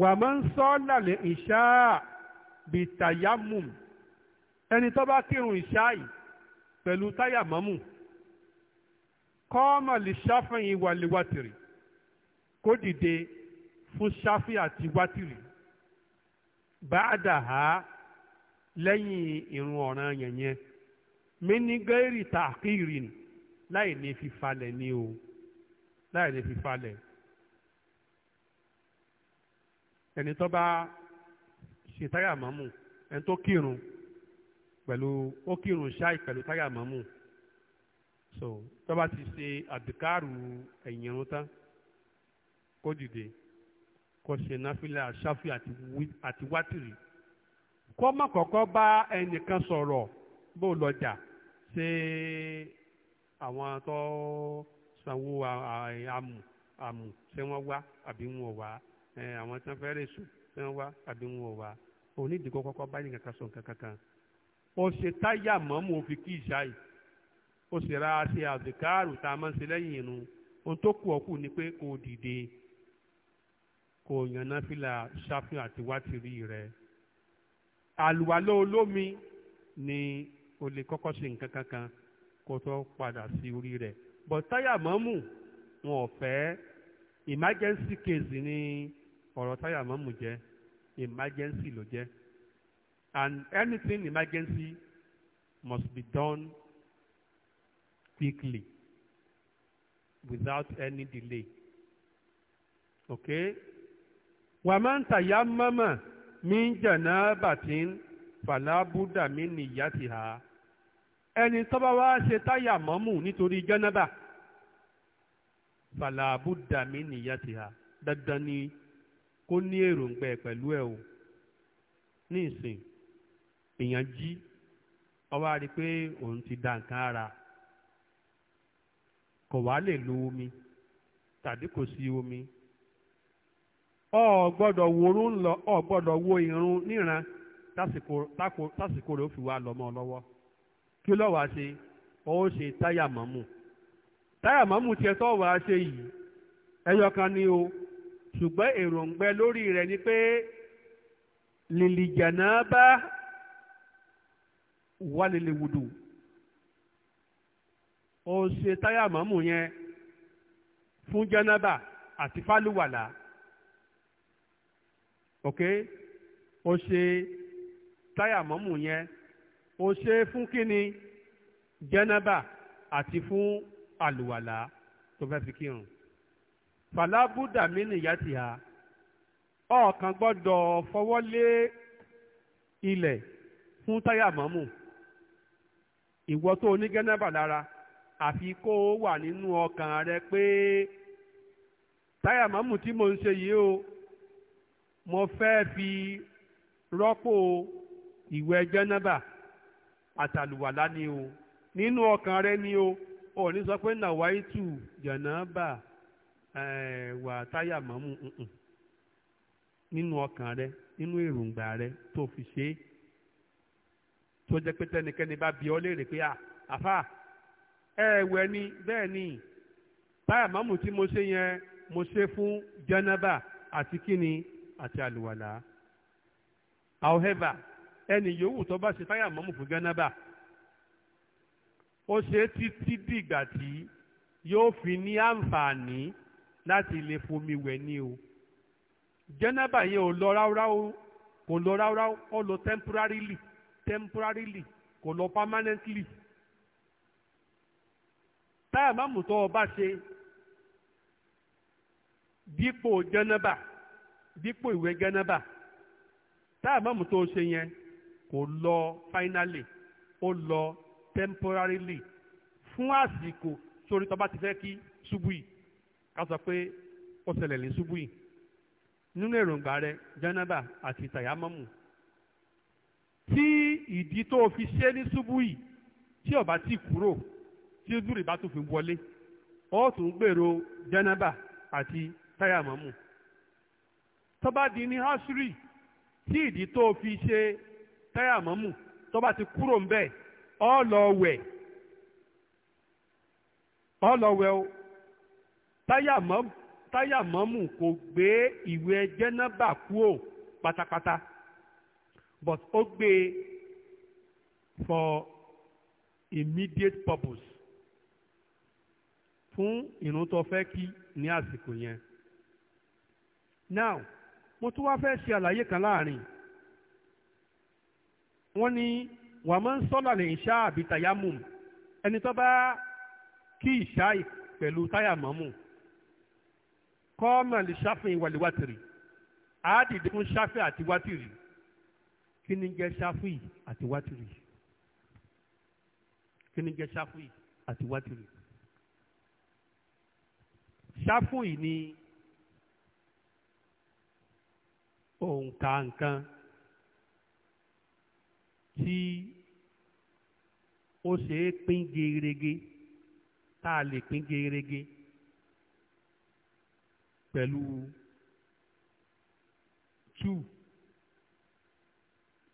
wàmọ́ ń sọ lálẹ́ ìṣá bíi tàyámùm ẹni tó bá kírun ìṣá yìí pẹ̀lú táyàmọ́mù kọ́ọ̀mọ̀ lè ṣáfihàn wàlíwàtìrì kó dìde fún ṣáfì àti wátìrì báàdà ha lẹ́yìn ìrun ọ̀ràn yẹ̀yẹn mínígẹ́rì tàkìrì láì ní fífalẹ̀ ní o láì ní fífalẹ̀. ẹni tó bá ṣe táyà mọ́mù ẹni tó kírun pẹ̀lú ó kírun ṣáì pẹ̀lú táyà mọ́mù so tó bá ti ṣe àdìkárù ẹ̀yìn irun tán kó dìde kó ṣe náfìlà ṣáfì àti wátìrì kó má kọ́kọ́ bá ẹnìkan sọ̀rọ̀ bó lọ́jà ṣe àwọn tó sanwó àmù àmù ṣé wọ́n wá àbí wọn wá àwọn tí wọ́n fẹ́ rè sùn tí wọ́n wá àbí wọn ò wá onídìí kó kọ́kọ́ bá nìkan kan sọ nǹkan kankan ó ṣe táyà mọ́mú òfin kí ìṣáì ó sì ra ṣe àdìkáàrù tá a máa ń ṣe lẹ́yìn inú ohun tó kù ọkù ni pé kò dìde kò yànnà fìlà ṣàfihàn àti wátìrí rẹ àlùwalọ́ olómi ni o lè kọ́kọ́ ṣe nǹkan kankan kó tó padà sí orí rẹ̀ bọ̀ táyà mọ́mù wọn ò fẹ́ emergency case ni ọ̀rọ̀ táyà mọ́mù jẹ́ emergency ló jẹ́ and anything emergency must be done quickly without any delay okay wàmán tàyà mọ́mọ́ mi ń jẹ̀nà bàtín fàlábùdà mi nìyá ti hà ẹni tó bá wá ṣe táyà mọ́mù nítorí jẹ́nàbà fàlábùdà mi nìyá ti hà dandan ni. kó ní èròǹgbà ẹ̀ pẹ̀lú ẹ̀ o ní ìsìn èèyàn jí rí pé òun ti da nǹkan ara kò wá lè lo omi tàbí kò sí omi ọ gbọ́dọ̀ worun lọ ọ gbọdọ wo irun níran tásìkò ó fi wá lọ́mọ lọ́wọ́ kí ló wàá ṣe ó ṣe táyà mọ́mù táyà mọ́mù tiẹ̀ tó wàá ṣe yìí ẹyọ kan ṣùgbọ́n èròǹgbẹ lórí rẹ̀ ni pé lìlìjànábà wà lìlìwùdù ó ṣe táyà mọ́mù yẹn fún jánábà àti fálùwàlà ok ó ṣe táyà mọ́mù yẹn ó ṣe fún kíni jánábà àti fún àlùwàlà tó fẹ́ fi kírun. fàlábùdà mini nìyá ti hà ọ̀kan gbọ́dọ̀ fọwọ́ lé ilẹ̀ fún táyà mọ́mù ìwọ tó ní gẹ́nẹ́bà lára àfi kó o wà nínú ọkàn rẹ pé táyà mọ́mù tí mo ń ṣe yìí o mo fẹ́ fi rọ́pò ìwẹ̀ gẹ́nẹ́bà àtàlùwàlá ni o nínú ọkàn rẹ ni o ò ní sọ pé nàwáìtù jẹ̀nàbà. Eh, wà táyà mọ́mú nínú ọkàn rẹ nínú èròǹgbà rẹ tó fi ṣe é tó jẹ́ pé tẹnikẹ́ni bá bi ọ́ léèrè pé àfà ẹ̀wẹ̀ ni bẹ́ẹ̀ ni táyà mọ́mú tí mo ṣe yẹn mo ṣe fún jẹ́nẹ́bà àti kíni àti àlùwàlà however ẹni yòówù tó bá ṣe táyà mọ́mú fún jẹ́nẹ́bà ó ṣe títí dìgbà tí yóò fi ní àǹfààní láti lè fomi wẹ̀ ni o jẹ́nàbà yẹn ò lọ ráúráú kò lọ ráúráú ó lọ temporarily temporarily kò lọ permanently táyà máàmù tó o bá ṣe dípò jẹ́nàbà dípò ìwé jẹ́nàbà táyà máàmù tó o ṣe yẹn kò lọ finally ó lọ temporarily fún àsìkò sórí tó bá ti fẹ́ kí ṣubú yìí ká sọ pé ó ṣẹlẹ̀ ní ṣubú yìí nínú èròǹgbà rẹ jánábà àti tàyámọ́mù tí ìdí tó fi ṣe ní ṣubú yìí tí ó bá ti kúrò tí zúrì bá tún fi wọlé ó tún gbèrò jánábà àti tàyámọ́mù tó bá di ní ásírì tí ìdí tó fi ṣe tàyámọ́mù tó ti kúrò ń bẹ̀ lọ wẹ̀ ó lọ wẹ̀ o táyà mọ́mù kò gbé ìwé jẹ́nàbà kúò pátápátá but ó gbé for immediate purpose fún ìrun tó fẹ́ kí ní àsìkò yẹn. now mo tún wá fẹ́ ṣe àlàyé kan láàrin wọ́n ní wà máa ń sọ́là lè ṣá àbí tàyámù ẹni tó bá kí ìṣá pẹ̀lú táyà mọ́mù kọ́ọ̀mà lè ṣáfìn ìwàlẹ̀ wátìrì á dìde fún ṣáfìn àti wátìrì kí ni jẹ́ ṣáfìn àti wátìrì kí ni jẹ́ ṣáfìn àti wátìrì ṣáfìn ni òǹkà tí ó ṣe é pín gerege tá a lè pín gerege pẹ̀lú two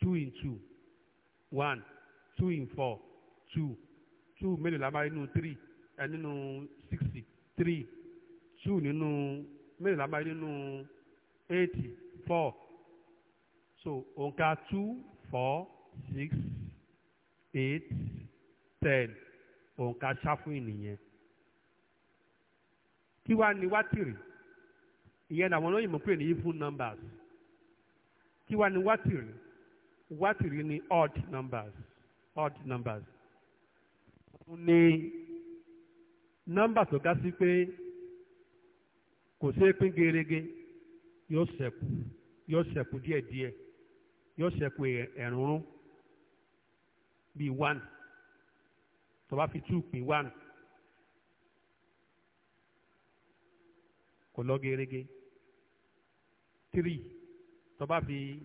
two in two one two in four two two mélòó la máa rí nínú three ẹ nínú sixty three two nínú mélòó la máa rí nínú eight four so òǹkà two four six eight ten òǹkà ṣáfù ìnìyẹn kí wàá ní wátìrì ìyẹn làwọn olóyìnbó pè ní even numbers kí wá ní wátìrì wátìrì ní odd numbers odd numbers òun ni nọ́mbà tó ga sí pé kò ṣeé pín gerege yóò ṣẹ̀kù yóò ṣẹ̀kù díẹ̀díẹ̀ yóò ṣẹ̀kù ẹ̀rúnrún bíi one tó bá fi two pín one kò lọ gerege three tó bá fi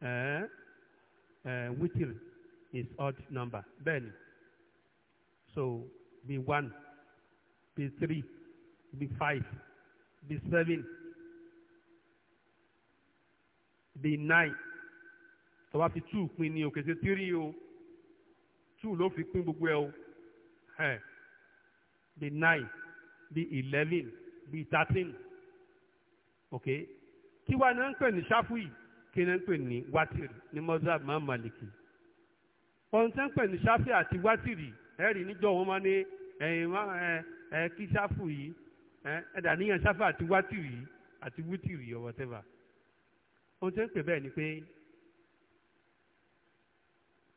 ẹ ẹ wítìrì is odd number bẹ́ẹ̀ so be one be three be five be seven be nine tó bá fi two pín ní òkè sí three o two ló fi pín gbogbo ẹ o ẹ eh, bí nine be eleven bíi thirteen ok kí wàá ní wọ́n ń pè ní ṣáfùì kí wọ́n ń pè ní wátìrì ní mọ́sáàbù máa màlìkì ohun tí wọ́n ń pè ní ṣáfùì àti wátìrì ẹ̀rì níjọ́ wọn máa ní ẹ̀yìn máa ẹ̀ kí ṣáfùì yìí ẹ̀dà níyàn ṣáfùì àti wátìrì àti wútìrì or whatever ohun tí wọ́n ń pè bẹ́ẹ̀ ni pé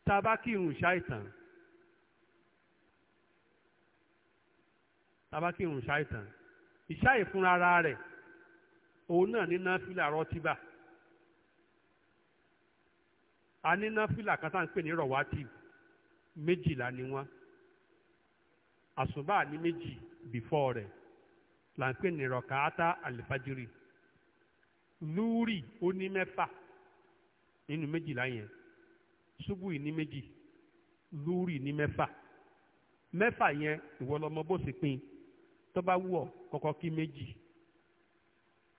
tá ṣáìtàn tá ṣáìtàn ìṣá ìfúnra rẹ̀ òun náà ní náfìlà rọtíbà a ní náfìlà kan tá à ń pè ní rọwátì méjìlá ni wọ́n àsùnbà ní méjì bìfọ́ rẹ̀ là ń pè ní rọkàátà àlìfájírì lúúrì ó ní mẹ́fà nínú méjìlá yẹn ṣubúì ní méjì lúúrì ní mẹ́fà mẹ́fà yẹn ìwọ bó ṣe pín tó bá wù ọ́ kọ́kọ́ kí méjì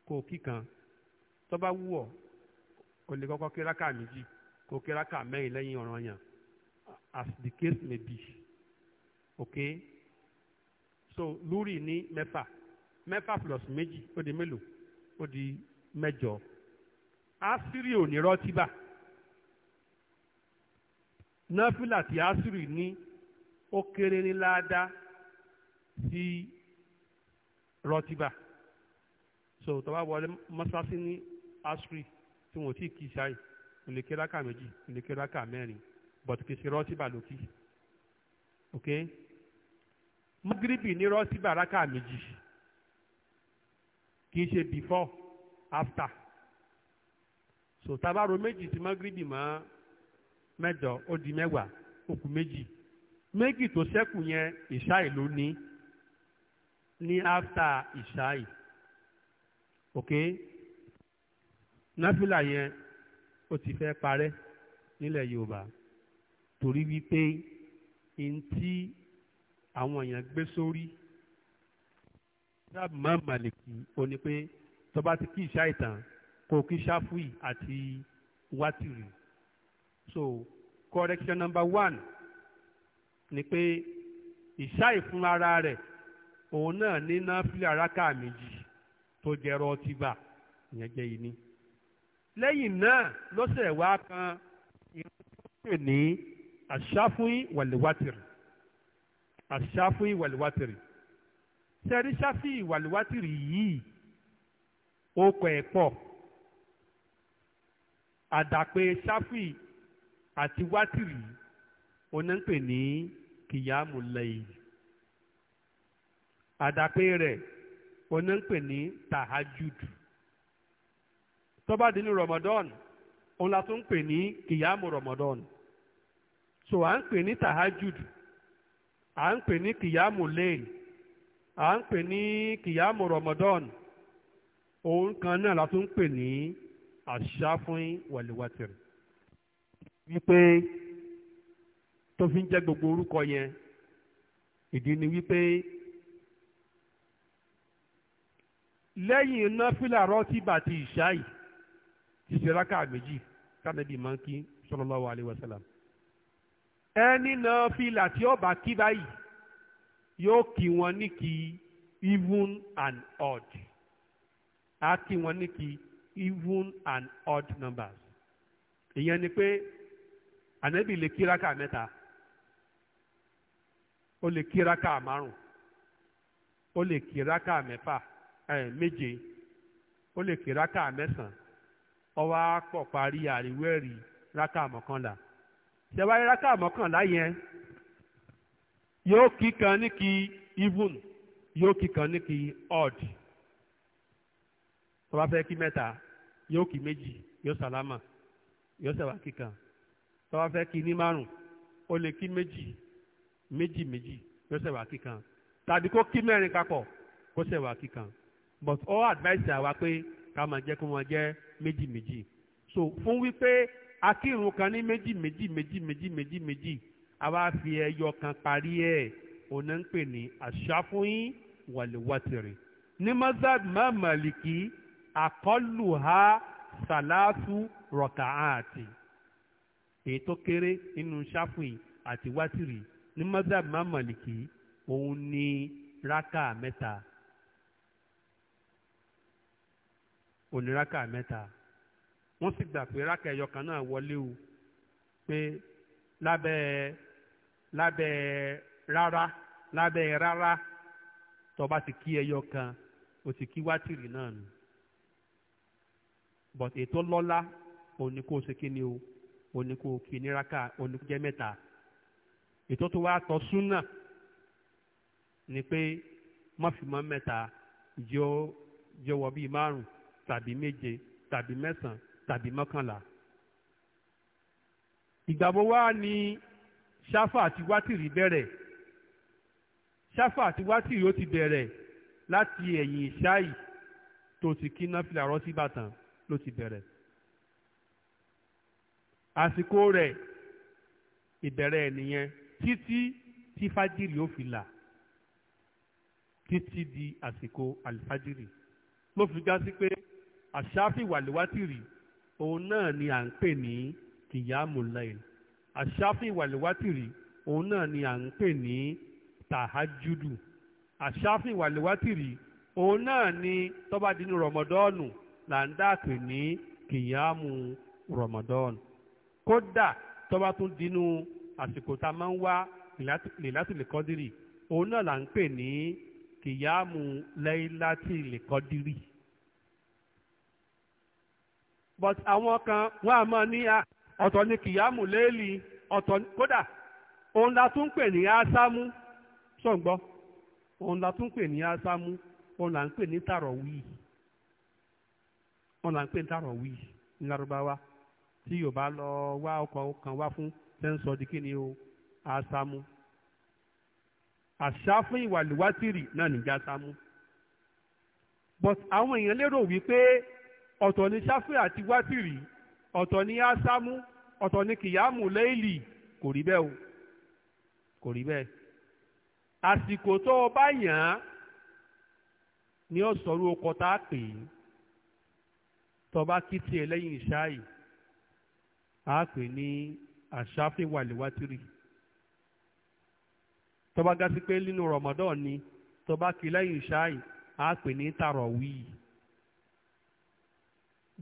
kó kí kan tó bá wù ọ́ o lè kọ́kọ́ kí rákà méjì kó kí rákà mẹ́rin lẹ́yìn ọ̀ràn yàn as the case may be okay so lórí ní mẹ́fà mẹ́fà plus méjì ó di mélòó ó di mẹ́jọ asiri ò ní rọ́tíbà náfìlà tí asiri ní ó kéré ní láàdá sí. Si, rọtíbà so tó bá wọlé mọ́ṣáláṣí ní asri tí wọn ò tí kì í ṣáì ìlèkè rákà méjì ìlèkè rákà mẹ́rin but kì í ṣe rọtíbà lókì ok magribi ní rọtíbà rákà méjì kì í ṣe before after so tabaro méjì tí magribi mọ́ mẹ́jọ ó di mẹ́wàá ó kù méjì méjì tó ṣẹ́kù yẹn ìṣáì ló ní ní after ìṣáì ok náfìlà yẹn ó ti fẹ́ parẹ́ nílẹ̀ Yorùbá torí wípé n tí àwọn èèyàn gbé sórí sábà máa màlìkì ó ní pé tó ti kí ìṣáì tán kò kí ṣáfùì àti wátìrì so correction number one ni pé ìṣáì fún rẹ̀ òun náà ní náfìlà rákà méjì tó jẹ́ rọ́tíbà ìyẹn jẹ́ ìní. lẹ́yìn náà lọ́sẹ̀ wá kan ìrìn ní àṣàfún wàlíwátìrì àṣàfún wàlíwátìrì sẹ́ríṣàfì wàlíwátìrì yìí ó kọ ẹ̀ pọ̀ àdàpé ṣáfì àti wátìrì onípè ní kìyàmù lẹ́yìn àdàpé rẹ̀ oná ń pè ní tahajud tó dínú Ramadan òun la ń pè ní kìyàmù Ramadan so à ń pè ní tahajud à ń pè ní kìyàmù lẹ́yìn à ń pè ní kìyàmù Ramadan òun kan náà la tún ń pè ní àṣàfún wàlíwàtìrì wípé tó fi ń jẹ́ gbogbo orúkọ yẹn ìdí ni wípé lẹ́yìn náfìlà rọ́tìbà ti ìṣáì ti ṣe rákà méjì kánẹ́bì máa ń kí sallallahu alaihi wasallam ẹni náfìlà tí ó bá kí báyìí yóò kí wọn ní kí even and odd á kí wọn ní kí even and odd numbers ìyẹn ni pé ànábì lè kí rákà mẹ́ta ó lè kí rákà márùn ó lè kí rákà mẹ́fà méje ó lè ké rákà mẹ́sàn-án ọwọ́ á pọ̀ parí àríwẹ̀rì rákà mọ́kànlá ṣẹ̀wáyé rákà mọ́kànlá yẹn yóò kí kan ní kí even yóò kí kan ní kí odd tó bá fẹ́ kí mẹ́ta yóò kí méjì yóò sàlámà yóò ṣẹ̀wá kí kan tó bá fẹ́ kí ní márùn ó lè kí méjì méjì méjì yóò ṣẹ̀wá kí kan tàbí kó kí mẹ́rin papọ̀ kó ṣẹ̀wá kí kan. but all advice àwa pé ká máa jẹ́ kí wọ́n jẹ́ méjì méjì so fún wípé akírun kan ní méjì méjì méjì méjì méjì méjì àwa fi ẹyọ kan parí ẹ̀ òun ń pè ní àṣàfùyín wàlíwàtìrì ní mazad mamaliki àkọlù ha sàlásù rọkàáàtì èyí tó kéré nínú ṣàfùyín àti wátìrì ní mazad mamaliki òun ní rákà mẹ́ta. oníraka mẹ́ta wọ́n sì gbà pé rákà ẹyọ kan náà wọlé o pé lábẹ́ lábẹ́ rárá lábẹ́ rárá tó ti kí ẹyọ o ti kí wátìrì náà nù but ètò lọ́lá òní kó o ṣe kí ni o òní kó o kí ní rákà òní jẹ́ mẹ́ta ètò tó wá tọ́ súnà ni pé mọ́fìmọ́ mẹ́ta yóò yọ wọ bíi márùn-ún tàbí méje tàbí mẹ́sàn-án tàbí mọ́kànlá. ìgbàgbọ́ wa ni ṣáfà àti wátìrì bẹ̀rẹ̀ ṣáfà àti wátìrì ó ti bẹ̀rẹ̀ láti ẹ̀yìn ìṣáì tó ti kí náfìlà rọ́ síbàtàn ló ti bẹ̀rẹ̀. àsìkò rẹ̀ ìbẹ̀rẹ̀ nìyẹn títí tí fájìrì ó fi là títí di àsìkò àlìfájìrì ló fi já sí pé àṣáfì wàlúwátìrì òun náà ni à ń pè ní kìyàmùláìl àṣáfì wàlúwátìrì òun náà ni à ń pè ní tàhájúdù àṣáfì wàlúwátìrì òun náà ni tó bá dínú rọmọdọ́ọ̀nù là ń dáàpè ní kìyàmù rọmọdọ́ọ̀nù kódà tó bá tún dínú àsìkò tá a máa ń wá lèlátìlè òun náà là ń pè ní kìyàmù lẹ́yìnlátìlè kọ́dírì but àwọn kan wọ́n á máa ní ọ̀tọ̀ ní kìyàmù léèlì ọ̀tọ̀ kódà òun la tún pè ní ásámú ṣọ̀ǹgbọ́ òun la tún pè ní ásámú òun là ń pè ní tàrọ̀wì òun là ń pè ní tàrọ̀wì ní Lárúbáwá tí Yorùbá lọ wá ọkọ̀ kan wá fún sẹ́ńsọ̀ di kí ni o ásámú àṣà fún ìwàlúwátìrì náà nígbà sámú but àwọn èèyàn lérò wípé ọ̀tọ̀ ni ṣáfì àti wátìrì ọ̀tọ̀ ni ásámú ọ̀tọ̀ ni kìyàmù léèlì kò rí bẹ́ẹ̀ o kò rí bẹ́ẹ̀ àsìkò tó o bá yàn án ni ó sọ̀rọ̀ ọkọ tá a pè é tọba kí tiẹ̀ lẹ́yìn ìṣáàyè á pè ní àṣàfin wàlíwátìrì tọba gasi pé nínú rọmọdọ́ọ̀ ni tọba kí ìṣáàyè á pè ní tàrọ̀wíì.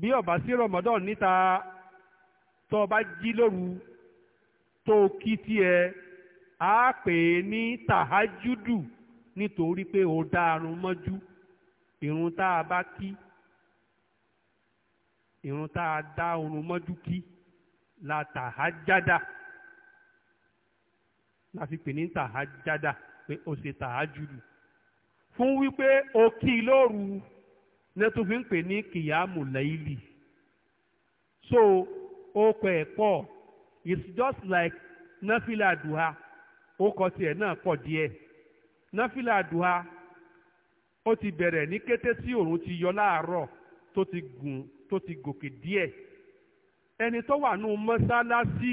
bí ọba sí rọmọdán níta tó bá jí lóru tó o tí ẹ á pè é ní tàhájúdù nítorí pé o dá arun mọ́jú ìrun tá a bá kí ìrun tá a dá orun mọ́jú kí la tàhájádà la fi pè ní tàhájádà pé o ṣe tàhájúdù fún wípé o kí lóru. nẹ́tún fi ń pè ní kìyàmù lẹ́yìlì so okọ ẹ̀ pọ̀ it's just like náfìlà dùhà okọ tiẹ̀ náà pọ̀ díẹ̀ náfìlà dùhà ó ti bẹ̀rẹ̀ ní kété tí òòrùn ti yọ láàárọ̀ tó ti gùn tó ti gòkè díẹ̀ ẹni tó wà nù mọ́sálásí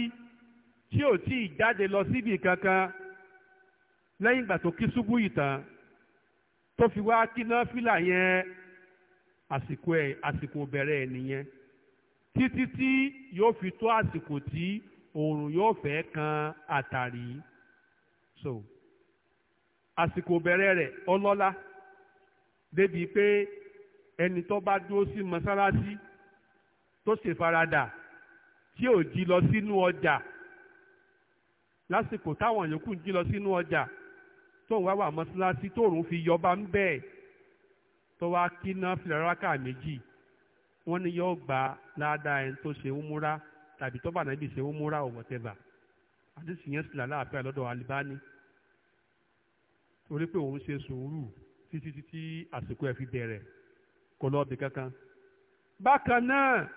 tí ò tí ì jáde lọ síbi kankan lẹ́yìn ìgbà tó kí ṣubú ìtàn tó fi wá kí náfìlà yẹn àsìkò ẹ̀ àsìkò bẹ̀rẹ̀ ẹ̀ nìyẹn títí tí yóò fi tó àsìkò tí oòrùn yóò fẹ́ kan àtàrí so àsìkò bẹ̀rẹ̀ rẹ̀ ọlọ́lá débi pé ẹni tó bá dúró sí mọ́sálásí tó ṣèfaradà tí ò jí lọ sínú ọjà lásìkò táwọn yòókù jí lọ sínú ọjà tóun wá wà mọ́sálásí tóòrùn fi yọba ń bẹ́ẹ̀ tó wá kí náà fìlàrákà méjì wọ́n ní yóò gbà ládàá ẹni tó ṣe umura tàbí tó bá nàbì ṣe umura or whatever àdìsí yẹn sì lálàáfíà lọ́dọ̀ Albani torí pé òun ṣe sùúrù títí títí àsìkò ẹ̀ fi bẹ̀rẹ̀ kò lọ́ọ̀bì kankan. bákan náà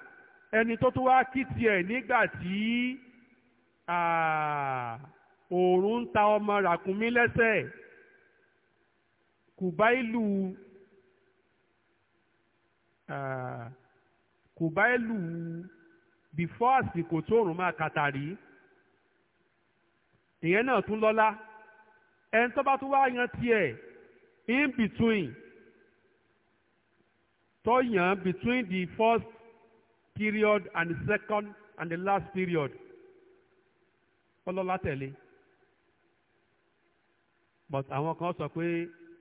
ẹni tó tún wá kí tiẹ̀ nígbà tí òòrùn ń ta ọmọ ràkúnmí lẹ́sẹ̀ kùbáìlù Ah, kò bá èlù bìfọ́ àsìkò tóòrùn máa kàtàrí ìyẹn náà tún lọ́lá ẹni tó bá tún wá yan tiẹ̀ in between tó yàn between the first period and the second and the last period ọlọ́lá tẹ̀lé but àwọn kan sọ pé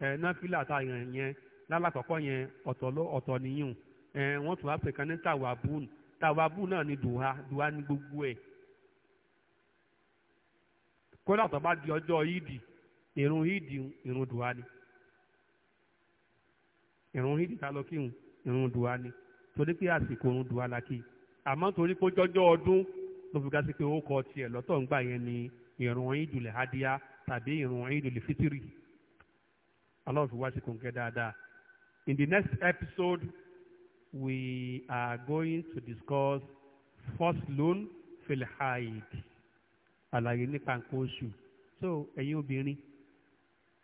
ẹ̀ eh, náfìlà tá a yàn yẹn lálàkọ́kọ́ yẹn ọ̀tọ̀ ló ọ̀tọ̀ nìyún ẹ wọ́n tún wá pè kan ní tàwábùn tàwábùn náà ni dùhà dùhà ní gbogbo ẹ̀ kódà tó bá di ọjọ́ ìdì ìrun ìdì ìrun dùhà ni ìrun ìdì ta lọ kíhun ìrun dùhà ni torí pé àsìkò ìrun dùhà la kí àmọ́ torí pé jọjọ́ ọdún ló fi ga sí pé ó kọ tiẹ̀ lọ́tọ̀ ń gbà yẹn ni ìrun ìdùlẹ̀ hádíá tàbí ìrun ìdùlẹ̀ fítírì aláwọ̀ fi wá sí kòǹkẹ́ dáadáa. In the next episode, we are going to discuss faslun fil haid àlàyé nípa nǹkan oṣù so ẹ̀yin obìnrin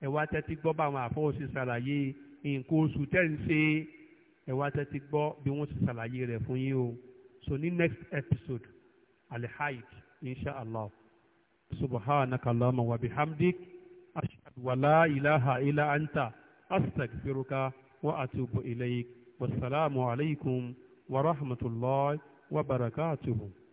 ẹ wá tẹ́tí gbọ́ báwọn àfọwọ́sí ṣàlàyé nǹkan oṣù tẹ́ ń ṣe ẹ wá tẹ́tí gbọ́ bí wọ́n ṣe ṣàlàyé rẹ̀ fún yín o so ní next episode al-haid Allah. subhanaka allahumma wa bihamdik ashhadu wa la ilaha illa anta astaghfiruka. وأتوب إليك والسلام عليكم ورحمة الله وبركاته